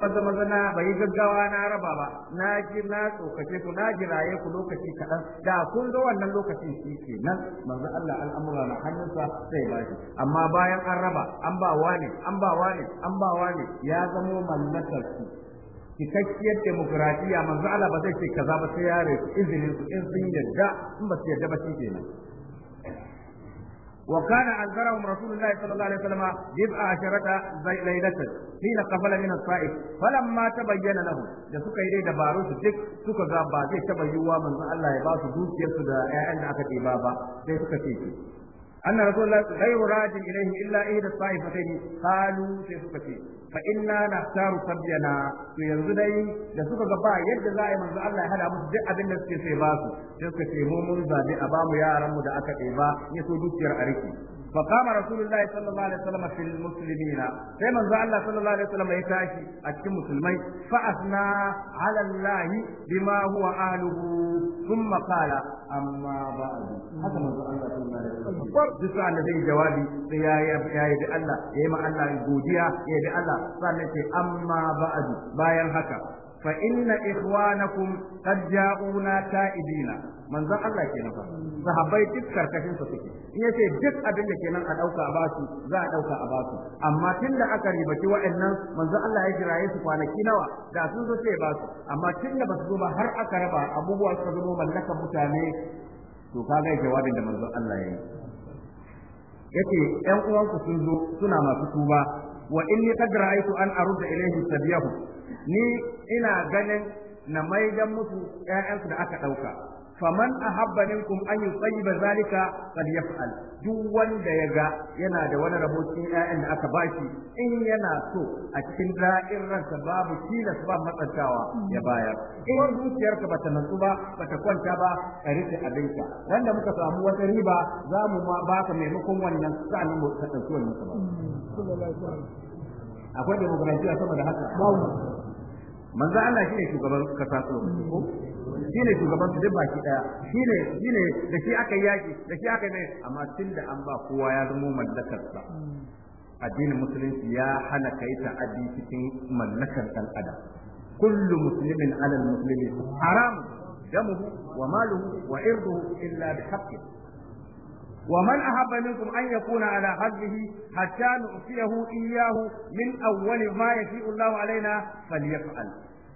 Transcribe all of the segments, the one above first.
maza maza na bai gaggawa na raba ba na ji na tsokace ku na ji raye ku lokaci kaɗan da kun ga wannan lokacin shi ke nan manzo Allah al'amura na hannunsa sai ba shi amma bayan an raba an ba ne, an ba ne, an ba ne ya zamo mallakar su cikakkiyar demokuraɗiyya manzo Allah ba zai ce kaza ba sai ya rufe izinin su in sun yarda in ba su yarda ba shi nan. وكان أنذرهم رسول الله صلى الله عليه وسلم جبع عشرة ليلة حين قفل من الصائف فلما تبين لهم da suka yi dai dabaru su duk suka ga ba zai taba yiwuwa manzon Allah ya ba su dukiyar su da ƴaƴan da aka ɗiba ba sai suka ce shi annabi sallallahu alaihi wa sallam ghayru rajin ilayhi illa ihda sa'ifatayn qalu sai suka ce fa inna nahtaru sabyana to yanzu dai da suka ga ba yadda za a yi manzo Allah ya hada musu duk abin da suke sai ba su sai suka ce mu mun zabi a bamu yaran mu da aka ɗeba ya so dukiyar a riki فقام رسول الله صلى الله عليه وسلم في المسلمين كما قال الله صلى الله عليه وسلم يتاشي أتكم مسلمين فأثنى على الله بما هو أهله ثم قال أما بعد هذا ما قال الله صلى الله عليه وسلم جسع الذي جوابي يا يا يا الله يا ما الله يقوديا يا الله صلى أما بعد باين هكا fa inna ikhwanakum qad ja'una ta'ibina manzon Allah ke nufa sahabbai duk karkashin su suke in yace duk abin da nan a dauka a basu za a dauka a basu amma tunda aka ribaci wa'annan manzon Allah ya jiraye su kwanaki nawa da sun zo sai basu amma tunda basu zo ba har aka raba abubuwa suka zama mallakan mutane to kaga jawabin da manzon Allah ya yi yace ƴan uwanku sun zo suna masu tuba wa inni qad ra'aytu da arudda ilayhi sabiyahu ni ina ganin na maidan musu ƴaƴansu da aka ɗauka faman ahabba minkum an yusayyiba zalika fal yaf'al duk wanda ya ga yana da wani rahoton 'ya'yan ƴaƴan da aka bashi in yana so a cikin da'in ransa babu kila ba matsantawa ya bayar in zuciyarka bata natsu ba bata kwanta ba ka rike abinka wanda muka samu wata riba za mu ma baka maimakon wannan sa'an mu ka ɗauki wannan ba mm. akwai demokrasiya sama da haka manzo Allah shine shugaban kasa ko shine shugaban su duk baki daya shine shine da shi aka yaki da shi aka mai amma tunda an ba kowa ya zama mallakar sa addinin musulunci ya hana kai ta'addi cikin mallakar dan adam kullu muslimin ala muslimi haram damuhu wa maluhu wa irduhu illa bi haqqi ومن أحب منكم أن يكون على حده حتى نؤتيه إياه من أول ما يشيء الله علينا فليفعل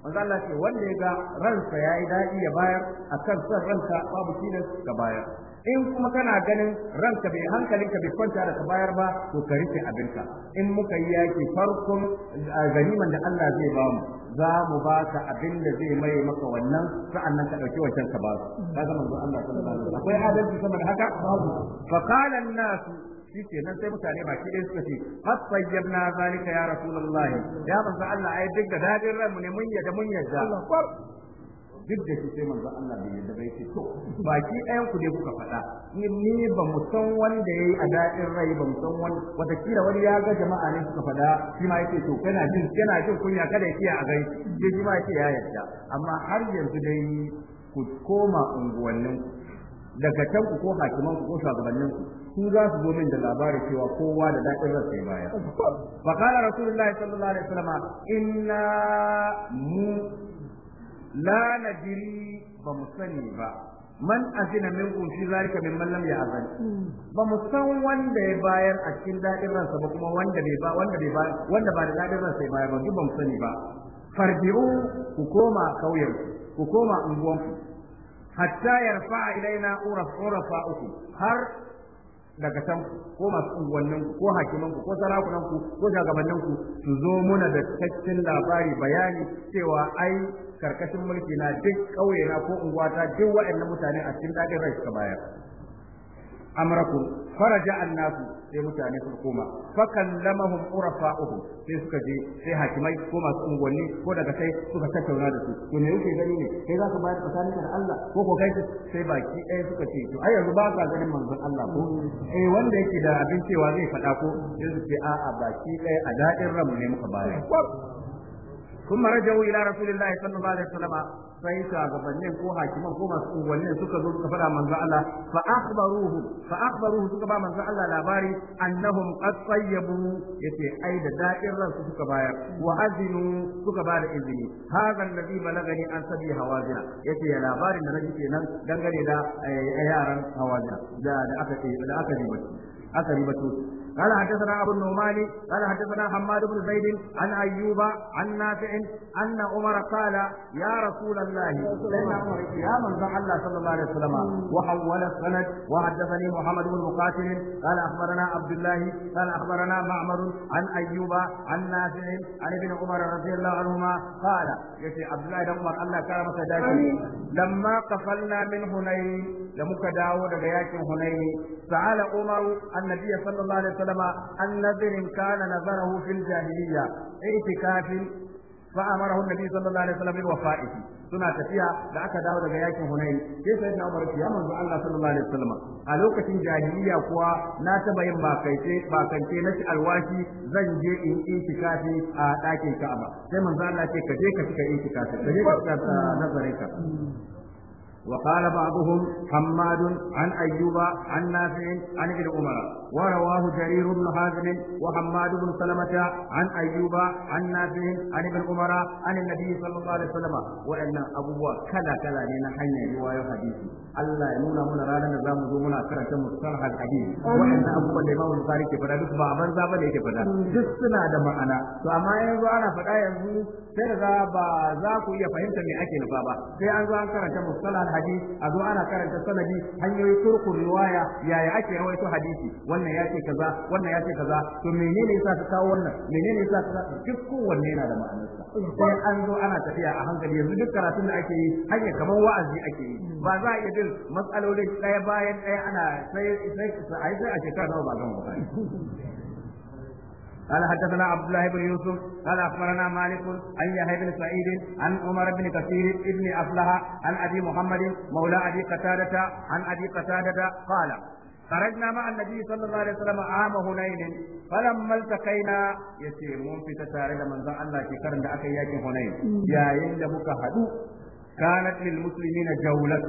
manzo Allah ce wanda ya ga ransa ya yi daɗi ya bayar a kan son ranka babu tilas ka bayar in kuma kana ganin ranka bai hankalinka bai kwanta da ka bayar ba to ka rufe abinka in muka yi yaki farkon ganiman da Allah zai ba mu za mu ba ka abin da zai mai maka wannan sa'annan ka dauki wancan ka ba su kaga manzo Allah sallallahu alaihi wasallam akwai adalci sama da haka fa qala an-nas shi nan sai mutane baki ɗaya suka ce qad sayyabna zalika ya rasulullah ya manzo Allah ai duk da dadin ranmu ne mun yadda mun yadda duk da shi sai manzo Allah bai yarda bai ce to baki ɗayan ku dai kuka faɗa ni ba mu san wanda yayi a daɗin rai ba mu san wani wata kira wani ya ga jama'a ne suka faɗa shi ma yake to kana jin kana jin kunya kada ya a gai sai shi ma yake ya yarda amma har yanzu dai ku koma unguwannin daga can ku ko hakiman ku ko shugabannin ku su za su zo min da labarin cewa kowa da daɗin rasa baya. Fakala Rasulullahi sallallahu alaihi wasallam inna mu la nadiri ba mu sani ba man azina min fi zalika min man lam ya'zan ba mu san wanda ya bayar a cikin dadin ransa ba kuma wanda bai ba da dadin ransa ya bayar ba duk ba mu sani ba farji'u ku koma kauyen ku koma unguwanku hatta yarfa ilaina urafa uku, har daga can ko masu unguwannin ku ko hakiman ku ko sarakunan ku ko shugabannin ku su zo muna da cikakken labari bayani cewa ai karkashin mulki na duk ƙauye na ko unguwata duk waɗannan mutane a cikin daɗin rai suka bayar amrakum faraja annasu sai mutane su koma fakallamahum urafa'uhum sai suka je sai hakimai ko masu unguwanni ko daga sai suka tattauna da su to me yake gani ne sai za ka bayar tsakanin da Allah ko ko kai sai baki ɗaya suka ce to ai yanzu ba ka ganin manzon Allah ko eh wanda yake da abin cewa zai faɗa ko sai su ce a'a baki ɗaya a da'in ramu ne muka bayar ثم رجعوا الى رسول الله صلى الله عليه وسلم sai shugabannin ko hakiman ko masu unguwannin suka zo suka fada manzo Allah fa akhbaruhu fa suka ba manzo Allah labari annahum qad sayyabu yace ai da da'irar su suka baya, wa azinu suka ba da izini hadha alladhi balagani an sabi hawazina yace ya labarin da nake kenan dangane da eh, yaran hawazina da aka da aka ribatu aka قال حدثنا أبو النعمان قال حدثنا حماد بن زيد عن أيوب عن نافع أن عمر قال يا رسول الله يا من الله صلى الله عليه وسلم وحول السند وحدثني محمد بن مقاتل قال أخبرنا عبد الله قال أخبرنا معمر عن أيوب عن نافع عن ابن عمر رضي الله عنهما قال يا عبد الله بن عمر الله كرم سداكي لما قفلنا من هنين لمك داود ياكم هنين سأل عمر النبي صلى الله عليه وسلم وسلم عن نذر كان نذره في الجاهلية اعتكاف فأمره النبي صلى الله عليه وسلم بالوفاء suna tafiya da aka dawo daga yakin Hunayn sai sai na Umar ya manzo Allah sallallahu alaihi wasallam a lokacin jahiliya kuwa na taba yin ba kaice na ci alwashi zan je in itikafi a dakin ba, sai manzo Allah ce ka je ka cika itikafi ka je ka nazarin ka وقال بعضهم حماد عن أيوب عن نافع عن ابن عمر ورواه جرير بن حازم وحماد بن سلمة عن أيوب عن نافع عن ابن عمر عن النبي صلى الله عليه وسلم وأن أبوه كلا كلا لنا حين رواية حديث الله ينونا من رانا نظام دومنا كرة مصطلح الحديث وأن أبوه الإمام البخاري كفدا دك بابا زابا ليك فدا دك سنا دم أنا فأما ينزو أنا فدا ينزو سرغا بازاكو يفهمت من أكي نفابا سيانزو أن كرة مصطلح hadisi a zo ana karanta sanadi hanyoyi turku riwaya yaya ake rawaito hadisi wannan ya ce kaza wannan ya ce kaza to menene yasa ta kawo wannan menene yasa kawo duk kowanne yana da ma'anarsa sai an zo ana tafiya a hankali yanzu duk karatun da ake yi hanya kamar wa'azi ake yi ba za a iya bin matsalolin ɗaya bayan ɗaya ana sai sai a shekara nawa ba mu ba قال حدثنا عبد الله بن يوسف قال اخبرنا مالك عن يحيى بن سعيد عن عمر بن كثير بن افلح عن ابي محمد مولى ابي قتاده عن ابي قتاده قال خرجنا مع النبي صلى الله عليه وسلم عام هنين فلما التقينا يسير من في تتارد من ذا الله في قرن أكياك هنين يا يند مكهدو كانت للمسلمين جولة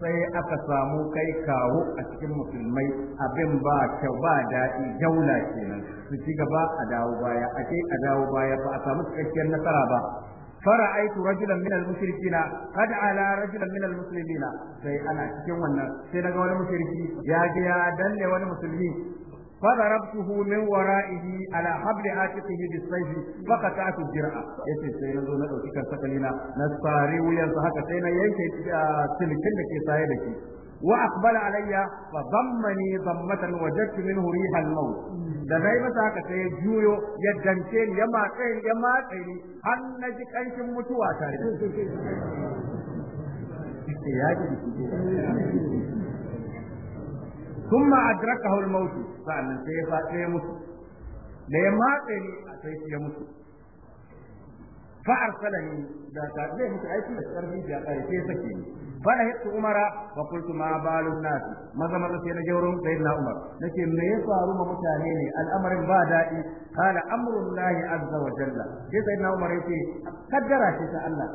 sai aka samu kai kawo a cikin musulmai abin ba kyau ba daɗi jaula kenan su ci gaba a dawo baya a ce a dawo baya ba a samu cikakkiyar nasara ba فرأيت رجلا من المشركين قد على minal musulmi na, sai ana cikin wannan sai daga wani mushriki ya je ya danne wani musulmi فضربته من ورائه على حبل عاتقه بالسيف فقطعت الجرأة yace sai na zo na ɗauki kan sakalina na tsare wuyansa haka sai na yanke silkin da ke saye da shi wa aqbala alayya fa dammani dammatan wajadtu minhu riha al-maut da nayi masa haka sai ya juyo ya dance ya matse ni ya matse har na ji mutuwa tare da thumma adrakahu al-maut sa'annan sai ya fadi ya mutu da ya matse ni a sai ya mutu fa arsalani da ta zai mutu aiki a karfi da a sai sake ni fa da hitu umara fa qultu ma balun nas maza maza sai na jawrun sayyidina umar nace me ya faru ma mutane ne al'amarin ba dadi kana amrullahi azza wa jalla sai sayyidina umar yace kaddara shi ta Allah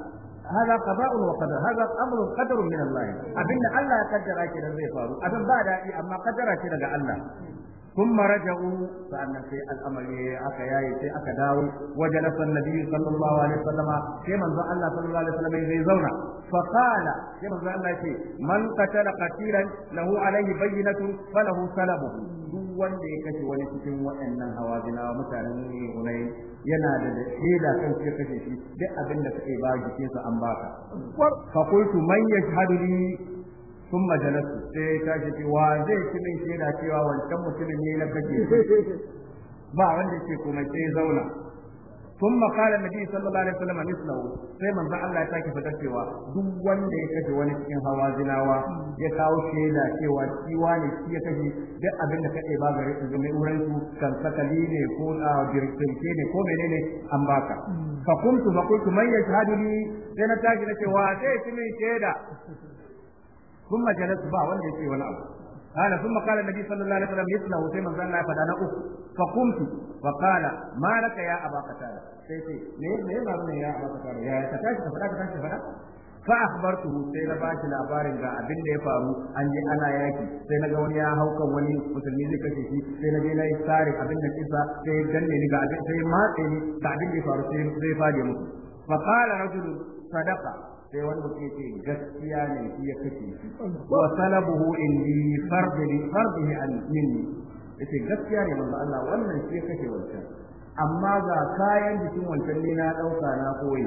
هذا قضاء وقدر هذا أمر قدر من الله أبن الله قدر كده زي فارو أبن بعد أما قدر كده الله ثم رجعوا فأن في الأمر أكياي في أكداو وجلس النبي صلى الله عليه وسلم كما زعل الله صلى الله عليه وسلم يزيزونا فقال كما زعل الله من قتل قتيلا له عليه بينة فله سلبه duwan da ya kashe wani cikin waɗannan hawazinawa mutanen ne hunayi yana da shaida kan shi kashe shi duk abin da kake ba jikinsa an baka fa qultu man yashhadu li sun majalasu sai ya tashi wa zai ci min shaida cewa wancan mutumin ne na kake ba wanda ke kuma sai zauna ثم قال النبي صلى alaihi عليه وسلم مثله sai manzo Allah ya sake fadar cewa duk wanda ya kashe wani cikin zinawa ya kawo shaida cewa shi wani shi ya kashe duk abin da kake ba gare su mai uran su kan sakali ne ko na girkinke ne ko menene an baka fa kuntu fa kuntu man yashhadu li sai na tashi na cewa sai ci min shaida ثم جلس با وند يكي ولا أبو قال ثم قال النبي صلى الله عليه وسلم يسمع وسيم من الله فدانا أخ فقمت فقال ما لك يا أبا قتادة سيتي ليه ليه ما يا أبا قتادة يا تتاشي فلا تتاشي فلا fa akhbartuhu sai na bashi labarin ga abin da ya faru an yi ana yaki sai na ga wani ya hauka wani musulmi zai kashe shi sai na je na yi tsare abin da kisa sai ya ni ga abin sai matse ni ga abin da ya faru sai zai fade musu fa qala rajulun sadaqa sai wani mutum yake gaskiya ne shi ya kace shi wa salabuhu indi fardi fardihi an minni yace gaskiya ne manzo Allah wannan shi ya kace wancan amma ga kayan jikin wancan ne na dauka na koyi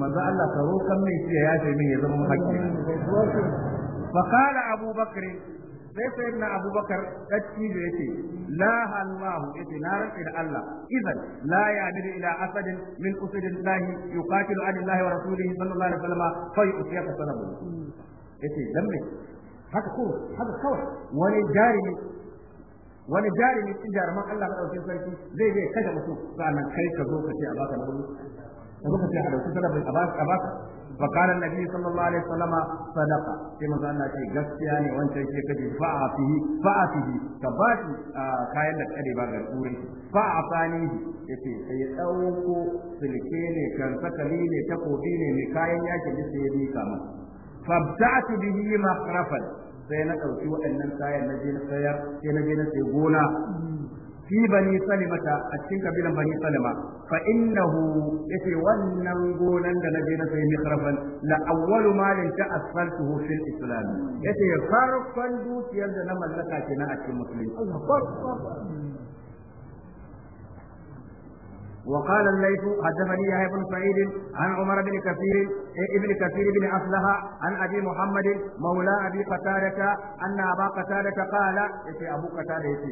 manzo Allah ka roƙan min shi ya yafe min ya zama hakki fa qala abubakar sai sai na abubakar dacci da yace la hallahu yace na rantsa da Allah idan la ya'budu ila asadin min usadillahi yuqatilu anillahi wa rasulihi sallallahu alaihi wasallam fa yu'tiyaka sanabu yace dan me haka ko haka kawai wani jarimi wani jarimi cikin jaruman Allah madaukakin sarki zai je kada mutum sa'annan kai ka zo ka ce a baka na hudu ka zo ka ce a dauki sanabu a baka fa qala annabi sallallahu alaihi wasallam sadaqa sai manzo Allah ce gaskiya ne wancan ke kaje fa'a fihi fa'a fihi ka ba kayan da kade ba ga turin fa'a fani yace sai ya dauko silke ne kan sakali ne takobi ne mai kayan yaki da sai ya mika mu fabta'tu sai na ɗauki waɗannan kayan na je na sayar sai na je na gona fi bani salimata a cikin kabilan bani salima fa innahu yace wannan gonar da na naje na sai mikrafan la awwalu malam ta asfaltuhu fil islam yace farkon dukiyar da na mallaka kenan a cikin musulunci وقال الليث حدثني يحيى بن سعيد عن عمر بن كثير ابن كثير بن أصلها عن أبي محمد مولى أبي قتادة أن أبا قتادة قال في أبو قتادة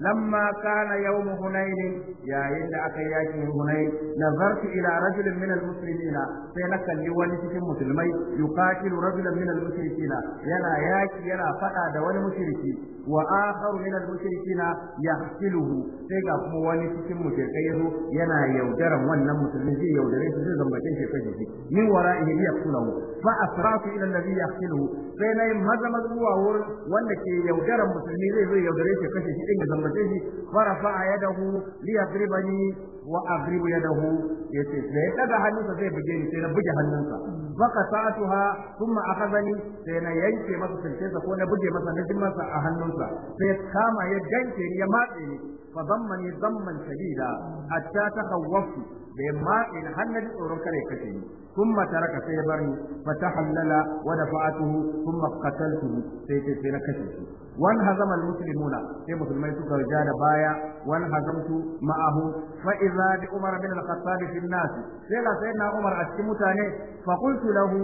لما كان يوم هنين يا إن أكياك هنين نظرت إلى رجل من المسلمين سينك لولي مسلمين يقاتل رجلا من المشركين يلا ياكي يلا فتا دول مشركين وآخر من المشركين يقتله سيقف مواني في المشركين ينا ana yaudaran wannan musulmi zai yaudare shi zai zambace shi kai shi min wara'ihi yaqtuluhu fa asratu ila alladhi yaqtuluhu sai nayi maza zuwa wurin wanda ke yaudaran musulmi zai zo yaudare shi kashe shi din ya zambace shi fa rafa'a yadahu li yadribani wa agribu yadahu yace sai daga hannunsa zai buge ni sai na buge hannunsa fa qata'tuha thumma akhadhani sai na yanke masa sulkensa ko na buge masa na masa a hannunsa sai kama ya danke ni ya matse ni fa zamman ne zamman shadida hatta ta hawwafu da yamma in tsoron kare kace ni kun mataraka sai bar ni fa tahallala wa dafa'atuhu thumma qataltuhu sai ce sai na kace shi wan hazama al muslimuna sai musulmai suka ja da baya wan hazamtu ma'ahu fa idza bi umar bin al khattab fi nas sai la sayyidina umar a cikin mutane fa qultu lahu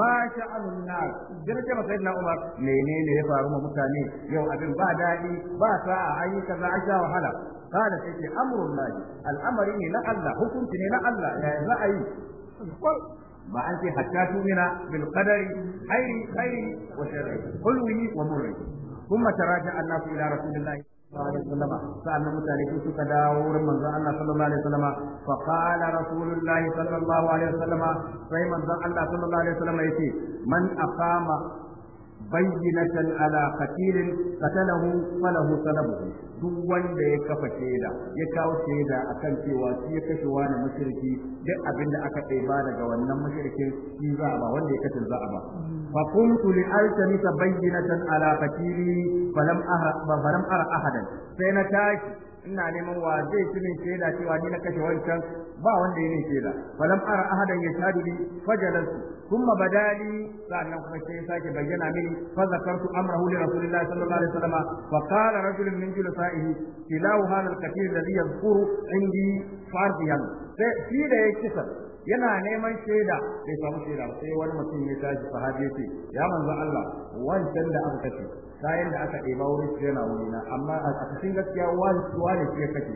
ma sha'anu an nas jirka ba sayyidina umar menene ya faru ma mutane yau abin ba daɗi ba sa'a ayi kaza an sha wahala قال سيدي أمر الله الأمر إن الله حكم إن الله يا رأي ba an ce hatta tumina bil qadari khairi khairi wa sharri kulwihi wa murri kuma taraja annasu ila rasulillahi sa'an mutane su suka dawo wurin manzon Allah sallallahu alaihi wasallam fa qala rasulullahi sallallahu alaihi wasallam sai manzon Allah sallallahu alaihi wasallam yace man aqama bayyinatan ala qatilin qatalahu falahu salabuhu duk wanda ya kafa shaida ya kawo shaida a kan cewa shi ya kashe wani mushriki duk abin da aka ɗeba daga wannan mushrikin shi za a ba wanda ya kashe za a ba fa qumtu li altamisa bayyinatan ala qatili falam ara falam ara ahadan sai na tashi ina neman wa zai ci min shaida cewa ni na kashe wancan ba wanda ya yi shaida falam ara ahadan yashhadu bi fajalantu kuma badali sannan kuma sai sake bayyana mini fa zakartu amrahu li rasulillahi sallallahu alaihi wasallam fa qala rajulun min julasaihi tilawu hadha al-kathir alladhi yadhkuru indi fardiyan sai shi da ya kisa yana neman shaida sai samu shaida sai wani mutum ya tashi sahabi ya ce ya manzo Allah wancan da aka kace kayan da aka ɗeba wurin su yana na amma a cikin gaskiya wani wani ya kake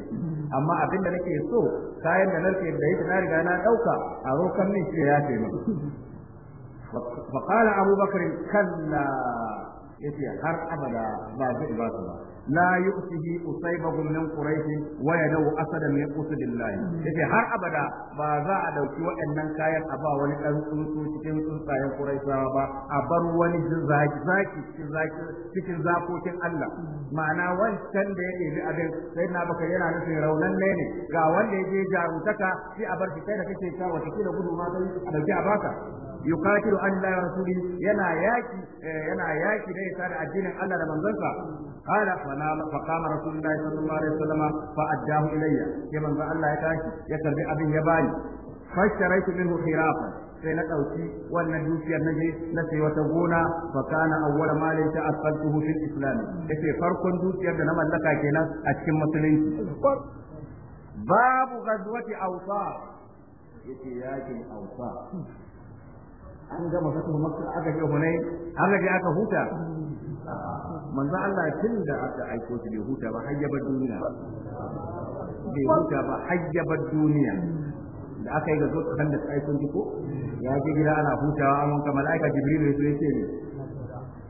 amma abin da nake so kayan da narke da yake na riga na ɗauka a rokan min shi ya taimaka fa qala abubakar kalla yace har abada ba zai ba su ba la yusihi usaybahu min quraish wa yadawu asadan min usdillah yace har abada ba za a dauki waɗannan kayan a ba wani dan tsuntsu cikin tsuntsayen quraishawa ba a bar wani zaki zaki cikin zaki cikin zakokin Allah ma'ana wancan da yake bi abin sai na baka yana nufin raunan ne ne ga wanda yake jarumtaka shi a bar shi kai da kake ta wata da gudu ma sai a dauki a baka yuqatilu an la rasuli yana yaki eh, yana yaki da yasa da addinin Allah da manzansa qala fa na fa qama rasulullahi sallallahu alaihi wasallam fa addahu ilayya sai manzo Allah ya tashi ya karbi abin ya bani fasharaitu minhu khirafan sai na ɗauki wannan dukiyar na je na sai wata gona fa kana awwal malin ta asfaltuhu fil islam yace farkon dukiyar da na mallaka kenan a cikin musulunci babu ghazwati awsa yace yakin awsa an gama fatu makka aka je hunai aka ga aka huta manzo Allah tun da aka aiko shi bai huta ba hayyabar duniya bai huta ba hayyabar duniya da aka yi ga zo kan da aiko shi ko ya je gida ana hutawa an wanka malaika jibril ya zo yace ne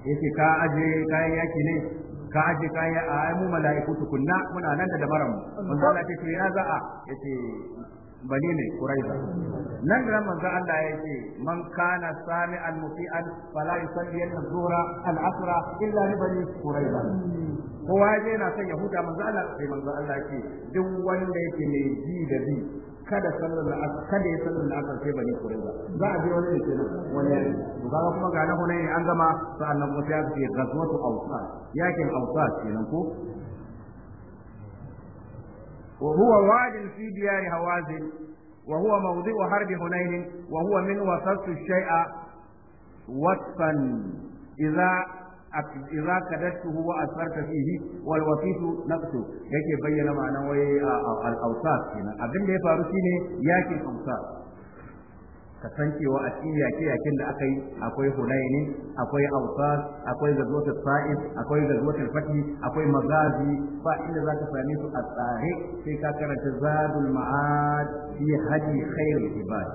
yake ka aje kayan yaki ne ka aje kayan a mu malaiku tukunna muna nan da dabaran mu manzo Allah ce ya za a yace bani ne kuraiza nan da manzo Allah ya ce man kana sami'an mufi'an fala yusalli az-zuhra al-asra illa li bani kuraiza kowa je na san yahuda manzo Allah sai manzo Allah ce duk wanda yake mai ji da bi kada sallar al-asr kada ya sallar al-asr sai bani kuraiza za a je wani ne kenan wani ne to kaga kuma ga na ne an gama sa'annan kuma sai ya ce ghazwatu awsat yakin awsat kenan ko وهو واد في ديار هوازن وهو موضع حرب هنين وهو من وسط الشيء وصفا إذا إذا كدسته وأثرت فيه والوصيف نفسه yake bayyana ma'anar wai al-awsat kenan abin da ya ka san cewa a cikin yaƙe-yaƙen da aka yi akwai hulaini akwai Ausa, akwai gazuwar sa'id akwai gazuwar fati akwai magazi ba inda za ka same su a tsare sai ka karanta zadul ma'ad fi Haji khairul ibad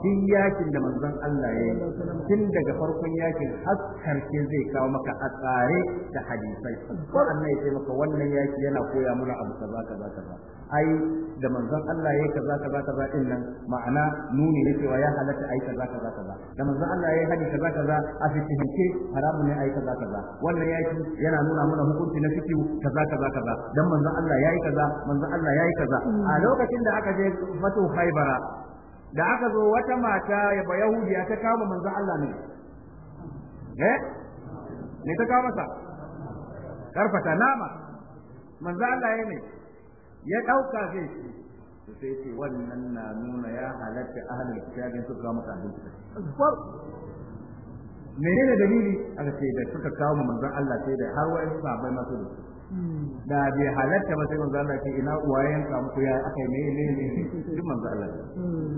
duk yakin da manzon Allah ya yi tun daga farkon yakin har karshe zai kawo maka a tsare da hadisai ko annai sai maka wannan yaki yana koya mana abu kaza kaza kaza ai da manzon Allah yayi kaza kaza kaza din nan ma'ana nuni ne cewa ya halatta ai kaza kaza kaza da manzon Allah yayi hadi kaza kaza a cikin ce haram ne ai kaza kaza wannan yaki yana nuna mana hukunci na fiki kaza kaza kaza dan manzon Allah yayi kaza manzon Allah yayi kaza a lokacin da aka je fatu haibara da aka zo wata mata ya ba Yahudiya ta kama manzon Allah ne eh ne ta kama sa karfata nama manzon Allah yayi ne ya ɗauka zai ce to sai ce wannan na nuna ya halatta ahlul kitabin su ga maka abinci menene dalili aka ce da suka kawo mu manzon Allah sai da har wani sabai masu da su da bai halatta ba sai manzon Allah ce ina wayan ka muku ya akai ne ne ne duk manzon Allah hmm.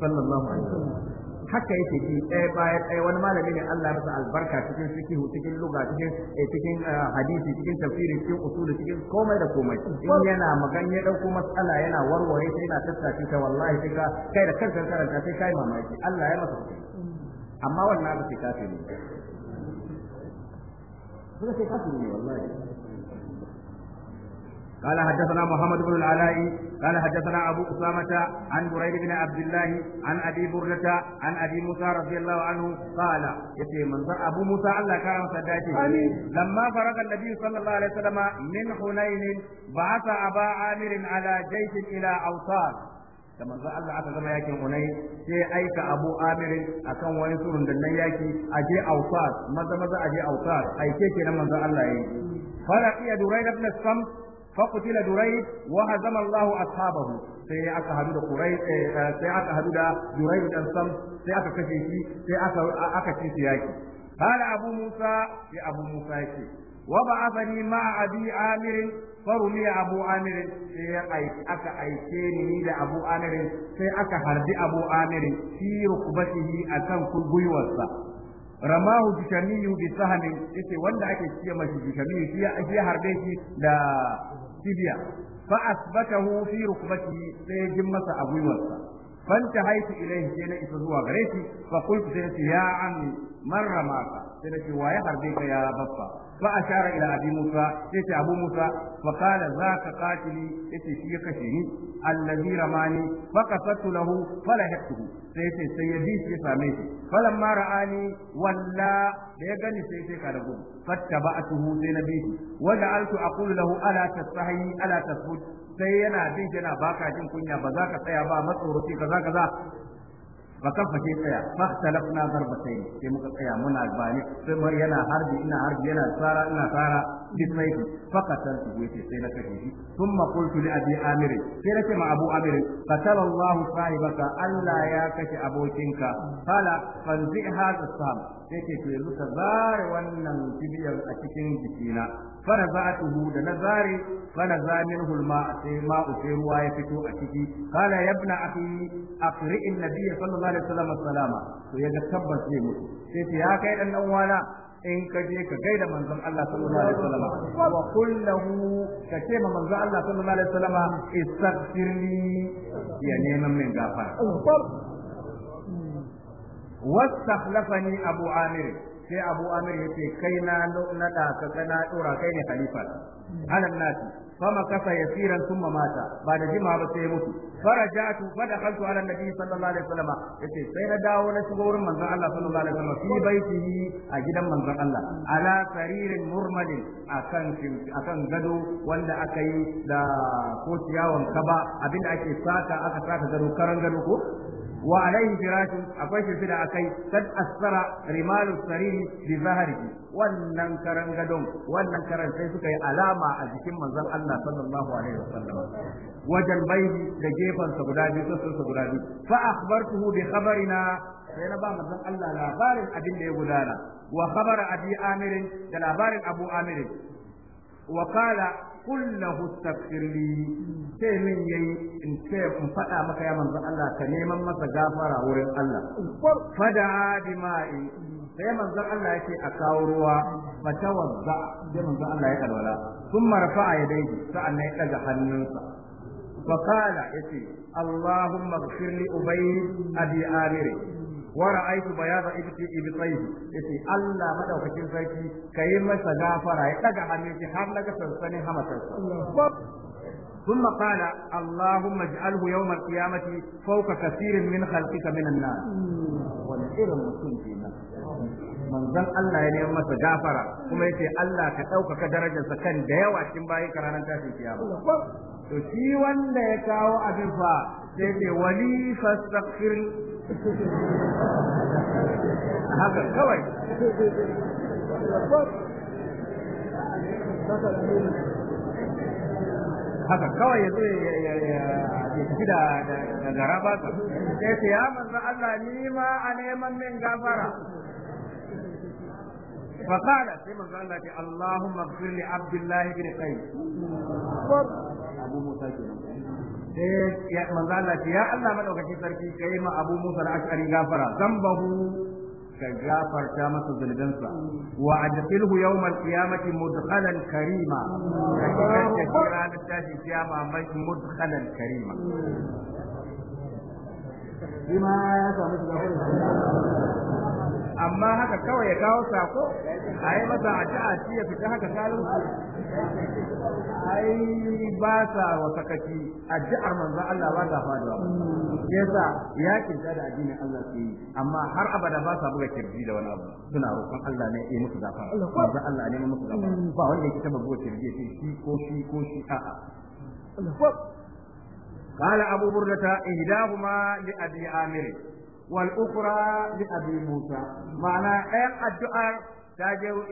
sallallahu alaihi wasallam haka yake ji ɗaya bayan ɗaya wani malami ne Allah masa albarka cikin fikihu cikin lugha cikin eh, cikin eh, hadisi cikin tafsiri cikin usulu cikin komai da komai in yana magan ya dauko matsala yana warware sai yana tattaki ta wallahi sai ka kai da kanka karanta sai kai mamaki Allah ya masa amma wannan ba sai kafiri ne suka sai kafiri ne wallahi قال حدثنا محمد بن العلاء قال حدثنا أبو أسامة عن بريد بن عبد الله عن أبي بردة عن أبي موسى رضي الله عنه قال يتي منظر أبو موسى الله كرم سداتي لما فرغ النبي صلى الله عليه وسلم من حنين بعث أبا عامر على جيش إلى أوصال da manzo Allah aka gama yakin Hunayn sai aika Abu Amir akan wani surun da nan yaki aje Awsat maza maza aje Awsat aike kenan manzo Allah yayi fara iya durai da ibn Sam فقتل دريد وهزم الله أصحابه sai aka hadu da kurai sai aka hadu da durai dan sam sai aka kashe shi sai aka aka ci shi yaki ya أبو موسى يا أبو موسى وبعثني مع أبي عامر farumi abu amirin sai ya aka aike ni da abu amirin sai aka harbi abu amirin fi rukbatihi akan gwiwarsa ramahu bitamiyu bi sahmin yace wanda ake ciye mashi bitamiyu shi ya aje harbe shi da tibiya fa asbatahu fi rukbatihi sai jin masa a gwiwarsa fanta haitu ilaihi sai na isa zuwa gare shi fa qultu sai ya ammi man ramaka sai na ce waye harbe ka ya babba fa ashara ila abi musa sai ce abu musa fa qala zaka qatili yace shi ya kashe ni allazi ramani fa qasatu lahu fa lahaqtuhu sai ce sai ya bi shi ya same shi falamma ra'ani walla da ya gani sai sai ka da gudu fattaba'tuhu sai na bi shi wa ja'altu aqulu lahu ala tastahi ala tasbut sai yana bin yana baka jin kunya ba za ka tsaya ba matsoroci kaza kaza fa kafa sai tsaya fa talafna sai muka tsaya muna bani sai yana harbi ina harbi yana tsara ina tsara bisayfi faqatan yace sai na kashe shi thumma qultu li abi amir sai nace ma abu amir qatala allah sahibaka allah ya kashe abokinka fala fanzi hadha sahab yace to yanzu ka zare wannan kibiyar a cikin jikina فنزعته دنزاري فنزع منه الماء ماء ruwa ya fito a ciki kana yabna akhi aqri annabi sallallahu alaihi wasallam salama to yaga tabbas zai mutu sai ya kai dan dan wala in ka je ka gaida manzon Allah sallallahu alaihi wasallam wa qul lahu ka ce ma manzon Allah sallallahu alaihi wasallam istaghfirli ya neman min gafara wastakhlafani abu amir sai abu amir yace kai na da ka kana dora kai ne khalifa alan nasi fama kasa yasiran thumma mata ba da jima ba sai mutu farajatu fa dakhaltu ala nabi sallallahu alaihi wasallam yace sai na dawo na shigo wurin manzon Allah sallallahu alaihi wasallam fi baitihi a gidan manzon Allah ala saririn murmalin akan akan gado wanda aka yi da ko ciyawan kaba abinda ake saka aka saka gado karan gado ko wa alaihi firashin akwai shimfiɗa a kai kad asfara rimalu sariri bi wannan karan gadon wannan karan sai suka yi alama a jikin manzon Allah sallallahu alaihi wasallam wajen bai da gefen sa guda biyu sun sa guda biyu fa akhbartuhu bi khabarina sai na ba manzon Allah labarin abin da ya gudana wa khabara abi amirin da labarin abu amirin wa Kulla له استغفر sai min yayi in ce in faɗa maka ya manzo Allah ka neman masa gafara wurin Allah fada bima'i sai manzo Allah yake a kawo ruwa fatawazza sai manzo Allah ya kalwala thumma rafa'a yadayhi sa'annan ya daga hannunsa fa qala yace Allahumma ighfir li ubayy abi amiri wa ra'aytu bayada ibti ibtayhi yace Allah madaukakin sarki kai masa gafara ya daga hannu shi har daga sansanin ثم قال اللهم اجعله يوم القيامة فوق كثير من خلقك من الناس والإرم سنتنا manzon Allah ya neman masa gafara kuma yace Allah ka ɗaukaka darajarsa kan da yawa cikin bayi ranar tashin kiyama to shi wanda ya kawo abin fa sai ce wali fastaghfir haka kawai haka kawai ya zai ya ya ya da ya manzo Allah nima a neman min gafara sai manzo Allah ce Allahumma ighfir li abdillahi bi kai Abu sai ya manzo Allah ya Allah madaukaki sarki kai ma Abu Musa al-Ash'ari gafara zambahu ka gafarta masa zunubansa wa adkhilhu yawm al-qiyamati mudkhalan karima ka kira da tashi kiyama mai mudkhalan karima bima ya samu amma haka kawai ya kawo sako a yi masa a ci ya fita haka kalin su ai ba sa wa sakaci addu'ar manzo Allah ba ta Ke sa ya kinta da addinin Allah su yi amma har abada ba sa buga kirji da wani abu suna roƙon Allah ne ya musu zafa manzo Allah ne ya musu zafa mm. ba wanda yake taba buga kirji sai shi ko shi ko shi a قال أبو بردة إهداهما لأبي عامر والأخرى لأبي موسى معنى أين الدعاء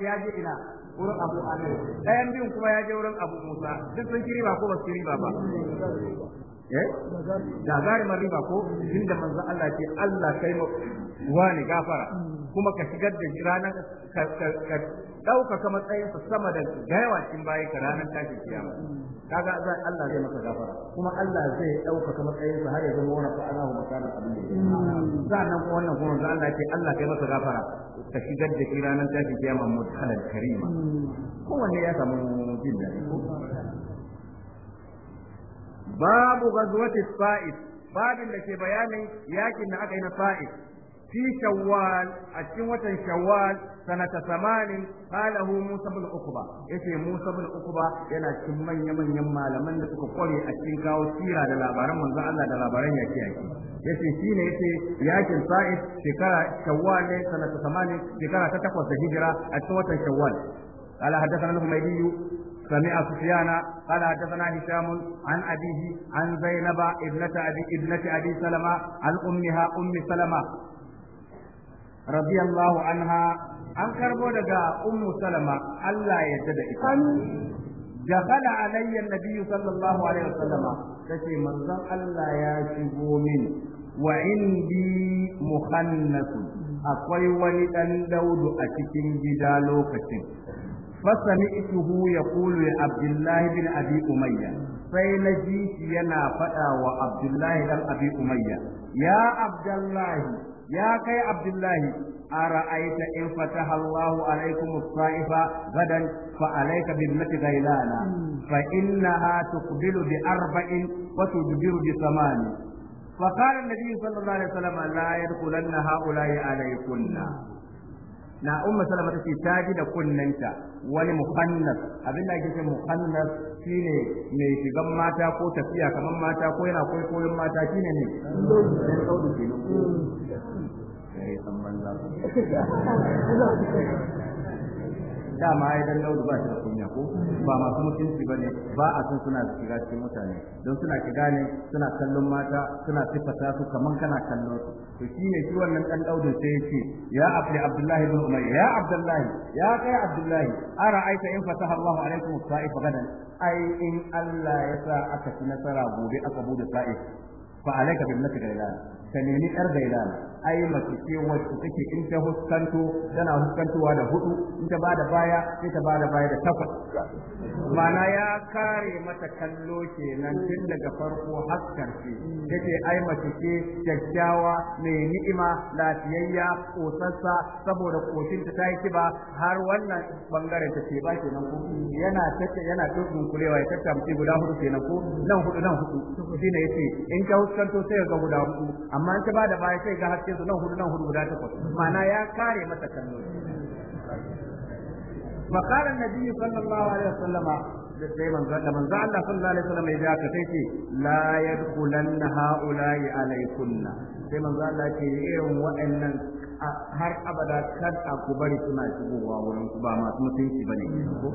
يا جئنا wurin abu amir ɗayan biyun kuma ya je wurin abu musa duk sun kiri ba ko ba su kiri ba ba eh da riba ko inda manzo Allah ce Allah kai mu wani gafara kuma ka shigar da ranar ka ɗaukaka matsayinsa sama da gayawa cikin baya ka ranar tashin jiya. kaga za Allah zai maka gafara kuma Allah zai ɗaukaka matsayin sa har ya zama wani fa'ana wa makarar abin da za nan kuma wannan kuma za Allah ce Allah kai maka gafara ka shigar da shi ranar tashin kiyama mutalan karima kowanne ya samu jin daɗi ko babu ghazwati sa'id babin da ke bayanin yakin da aka yi na sa'id في شوال أشين شوال سنة ثمان قاله موسى بن عقبة يتي موسى بن عقبة ينا كمن يمن يما لمن تك قولي أشين كاو سيرة دلابارن من الله دلابارن يكي يكي yace shi ne yace yakin sa'id shekara shawwal ne sanata tamanin shekara ta takwas da hijira a cikin watan shawwal قال حدثنا الحميدي سمع سفيان قال حدثنا هشام عن أبيه عن زينب ابنة أبي ابنة أبي سلمة عن أمها أم سلمة radiyallahu anha an karbo daga ummu salama Allah ya yarda da ita دخل علي النبي صلى الله عليه وسلم تشي منظر ألا يشبو مني وعندي مخنث أقوي ولدا دود أتكين جدا لوكتين فسمعته يقول لعبد الله بن أبي أمية فإن جيت ينا فأى وعبد الله بن أبي أمية يا عبد الله ya kai abdullahi ara'aita in fataha Allahu alaikum as-sa'ifa gadan fa alayka bi ummati gailana hmm. fa innaha tuqbilu bi arba'in wa tudbiru bi samani فقال النبي صلى الله عليه وسلم لا يدخلن هؤلاء عليكن na umma salama tace ta ji da kunnenta wani muhannas abin da ake ce muhannas shine mai shigan mata ko tafiya kamar mata ko yana kwaikwayon mata shine ne ya san banza dama idan laudu ba shi da kunya ko ba masu mutunci ba ne ba a sun suna shiga cikin mutane don suna shiga ne suna kallon mata suna siffata su kaman kana kallon su to shi ne shi wannan dan laudu sai ya ce ya abdi abdullahi ibn umayya ya abdullahi ya kai abdullahi ara aita in fataha Allahu alaikum sa'ifa gadan ai in Allah ya sa aka ci nasara gobe aka bude sa'if fa alayka bin nasr gailan ka nemi yar gailana ai mace ce wacce take in ta huskanto tana huskantowa da hudu in ta bada baya sai ta bada baya da takwas mana ya kare mata kallo kenan tun daga farko har karshe ce ai mace ce kyakkyawa mai ni'ima lafiyayya kosassa saboda koshin ta ta yi kiba har wannan bangaren ta ce ba kenan ko yana tata yana ta kulewa ya tattamce guda hudu kenan ko nan hudu nan hudu shine yace in ta huskanto sai ga guda hudu amma in ta bada baya sai ga haske cikin su nan hudu nan hudu guda takwas ma'ana ya kare mata kallon فقال النبي صلى الله عليه وسلم sai manzo da manzo Allah sallallahu alaihi wasallam ya jaka sai ce la yadkhulanna haula'i alaikunna sai manzo Allah ce irin waɗannan har abada kan a ku bari suna shigowa wurin ku ba masu mutunci bane ko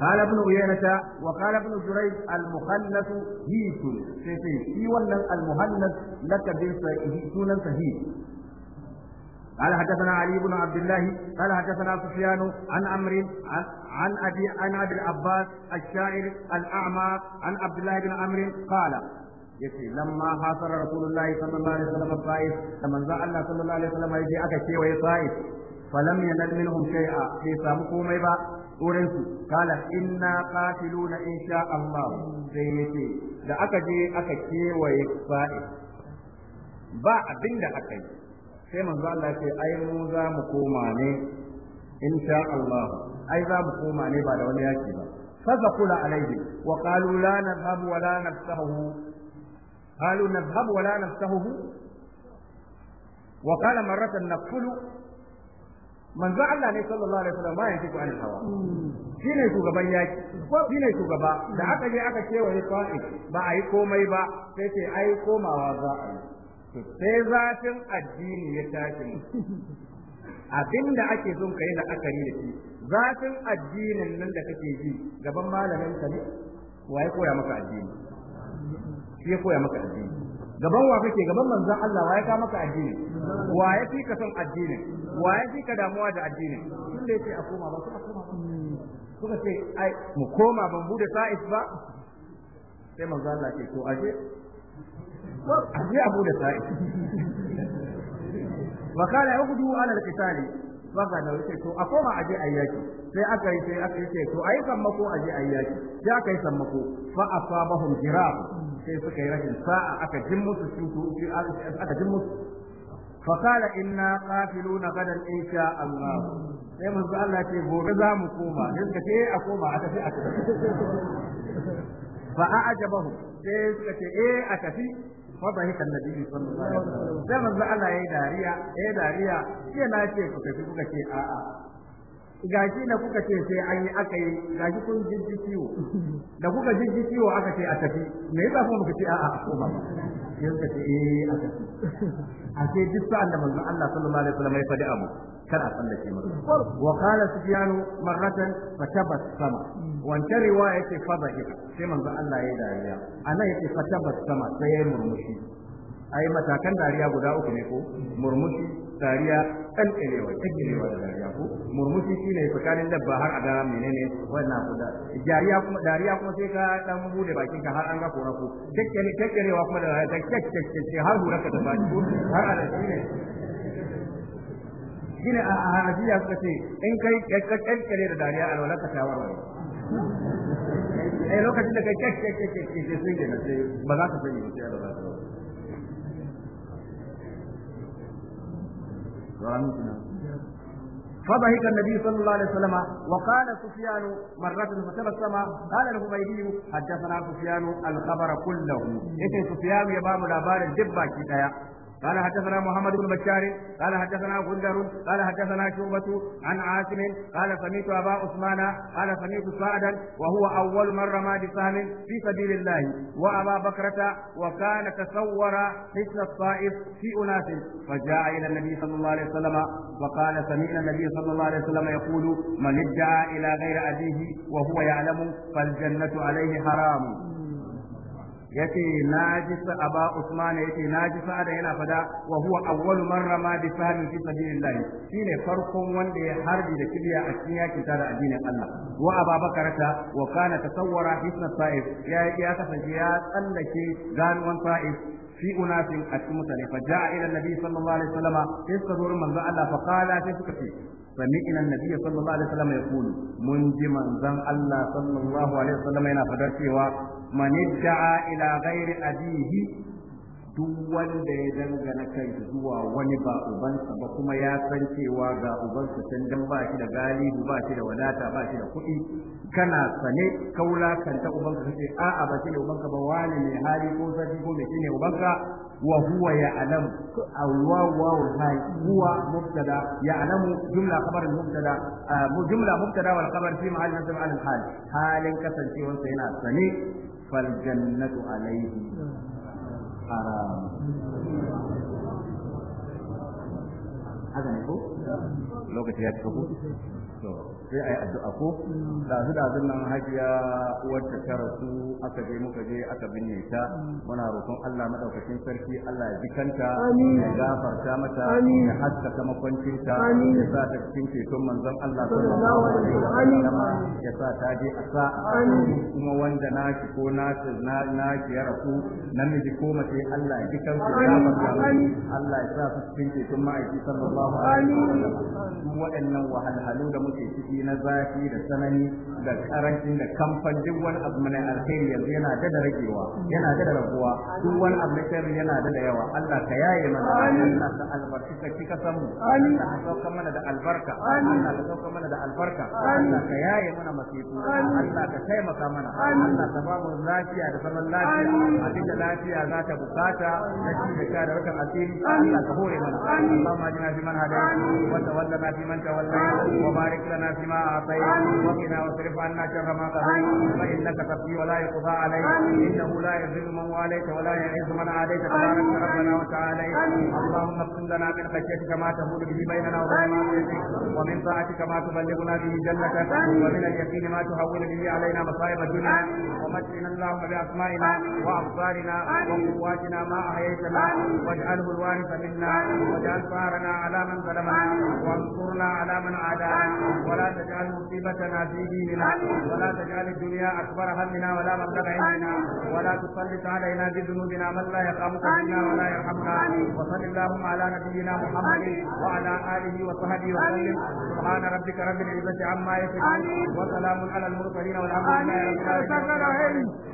قال ابن عيينة وقال ابن جريج المخلف هيت سيتي في ولن المهلف لك بسنن هيت قال حدثنا علي بن عبد الله قال حدثنا سفيان عن عمرو عن عن ابي عن ابي العباس الشاعر الاعمى عن عبد الله بن عمرو قال yace lamma hasara rasulullahi sallallahu alaihi wasallam sa'id da manzo Allah sallallahu alaihi wasallam yaje aka kewaye sa'id falam yanal minhum shay'a bai sami komai ba wurin su kala inna qatiluna insha Allah sai yace da aka je aka kewaye fa'i ba abinda aka yi sai manzo Allah ce ai mu za mu koma ne insha ai za mu koma ne ba da wani yaki ba فدخل kula وقالوا لا نذهب ولا نفسه قالوا نذهب ولا نفسه وقال مرة نقتل manzo Allah ne sallallahu alaihi wasallam yake ku anil hawa shine shugaban yaki Ko shine shugaba da aka je aka kewaye kwai ba a yi komai ba sai ce ai komawa za a yi sai zafin addini ya tashi abinda ake son kai yi aka da shi zafin addinin nan da kake ji gaban malamin ka ne ya koya maka addini shi ya koya maka addini gaban wa kake gaban manzon Allah wa ya ka maka addini wa ya fi ka son addini wa ya fi ka damuwa da addini tun da yake a koma ba suka koma suka ce ai mu koma ban bude sa'is ba sai manzon Allah ke to aje aje a bude sa'is wa kana yahudu ala al-qitali baka da wuce to a koma aje ayyaki sai aka yi sai aka yi to ayi sammako aje ayyaki sai aka yi sammako fa asabahum jirab sai suka yi rashin sa'a aka jin musu cutu aka jin musu فقال إنا قافلون غدا إن شاء sai manzo Allah ce gobe za mu koma sai suka ce eh, a koma a tafi a tafi fa a'jabahu sai suka ce eh a tafi fa bahika annabi sallallahu alaihi wasallam sai manzo Allah yayi dariya eh dariya sai na ce ku tafi kuka ce a'a gashi da kuka ce sai an yi aka yi gashi kun jijji ciwo da kuka jijji ciwo aka ce a tafi me yasa kuma muka ce a'a a ba? yanzu ka ce eh a tafi a ce duk sa'an da manzon Allah sallallahu alaihi wasallam ya faɗi abu kar a tsallake masa wa qala sufyanu marratan fatabassama wancan riwaya yace fadhika sai manzon Allah ya yi dariya fa yace Sama sai ya murmushi ai matakan dariya guda uku ne ko murmushi dariya kalkalewa kalkalewa da dariya ko murmushi shine tsakanin dabba har a ga menene wannan kuda dariya kuma dariya kuma sai ka dan bude bakin ka har an ga kora ko kalkale wa kuma da ta kakkakke har hura ka da ba ko har a da shine shine a hadiya suka ce in kai kalkale da dariya alwala ka tawarwa eh lokacin da kai kakkakke sai sun gina sai ba za ka sani ba sai ba za ka فضحك النبي صلى الله عليه وسلم وقال سفيان مرة فتبسم قال الهبيدي حدثنا سفيان الخبر كله يتي سفيان يبام لابار الدبا كتايا قال حدثنا محمد بن بشار قال حدثنا غندر قال حدثنا شعبة عن عاصم قال سمعت أبا عثمان قال سمعت سعدا وهو أول مرة ما بسهم في سبيل الله وأبا بكرة وكان تصور حسن الطائف في أناس فجاء إلى النبي صلى الله عليه وسلم وقال سمعنا النبي صلى الله عليه وسلم يقول من ادعى إلى غير أبيه وهو يعلم فالجنة عليه حرام yace naji sa aba usman yace naji sa'ada yana fada wa huwa awwalu man rama bi sahmin fi sabilillah shine farkon wanda ya harbi da kibiya a cikin yakin da addinin Allah wa ababakar ta wa kana tasawwara hisna sa'id ya ya kasance ya tsallake ganuwan sa'id في أناس أتمتني فجاء إلى النبي صلى الله عليه وسلم يستدور من ذا الله فقال fi. سمعنا النبي صلى الله عليه وسلم يقول منجما زن الله صلى الله عليه وسلم ينافدر من ادعى إلى غير أبيه duk wanda ya dangana kan zuwa wani ba ubansa ba kuma ya san cewa ga ubansa can dan ba shi da galibu ba shi da wadata ba shi da kuɗi kana sane kaula ta ubanka kace a a ba shi ne ubanka ba wani ne hali ko zafi ko me shine ubanka wa huwa ya'lam Allah wa hal huwa mubtada ya'lamu jumla khabar mubtada jumla mubtada wal khabar fi mahalli nasb al hal halin kasancewarsa yana sane fal jannatu alayhi haram haka ne ko lokaci ya cika ko sai a yi addu'a ko da su da nan hajiya wacce ta rasu aka je muka je aka binne ta muna roƙon Allah madaukakin sarki Allah ya bikanta ya gafarta mata ya haskaka makwancin ta ya sa ta cikin ceton manzon Allah sallallahu alaihi wasallam ya sa ta je a sa kuma wanda na naki ko na naki ya rasu namiji ko mace Allah ya bikanta ya gafarta Allah ya sa su cikin ceton ma'aiki sallallahu alaihi wasallam waɗannan wahalhalu da mu muke ciki na zafi da tsanani da karancin da kamfan duk wani abu mai alheri yanzu yana da da ragewa yana da da raguwa duk wani abu na sharri yana da da yawa Allah ka yaye mana Allah ka albarka ka kika san mu Allah ka sauka mana da albarka Allah ka sauka mana da albarka Allah ka yaye mana masifu Allah ka taimaka mana Allah ka ba mu lafiya da zaman lafiya abin da lafiya za ta bukata na cikin da da rakan asiri Allah ka hore mana Allah ma jina fi man hadai wa fi man wa barik بارك لنا فيما اعطيت وقنا واصرف عنا شر ما قضيت فانك تقضي ولا يقضى عليك انه لا يذل من واليت ولا يعز من عاديت تبارك ربنا وتعالى اللهم تقول لنا من خشيتك ما تهون به بيننا وبين ومن طاعتك ما تبلغنا به جنتك ومن اليقين ما تهون به علينا مصائب الدنيا ومتعنا اللهم باسمائنا وابصارنا وقواتنا ما احييتنا واجعله الوارث منا واجعل ثارنا على من ظلمنا وانصرنا على من عادانا ولا تجعل مصيبتنا في ديننا ولا تجعل الدنيا اكبر همنا ولا مبلغ علمنا ولا تسلط علينا بذنوبنا من لا يخافك منا ولا يرحمنا وصل اللهم على نبينا محمد وعلى آله وصحبه وسلم سبحان ربك رب العزة عما يصفون وسلام على المرسلين والحمد لله رب العالمين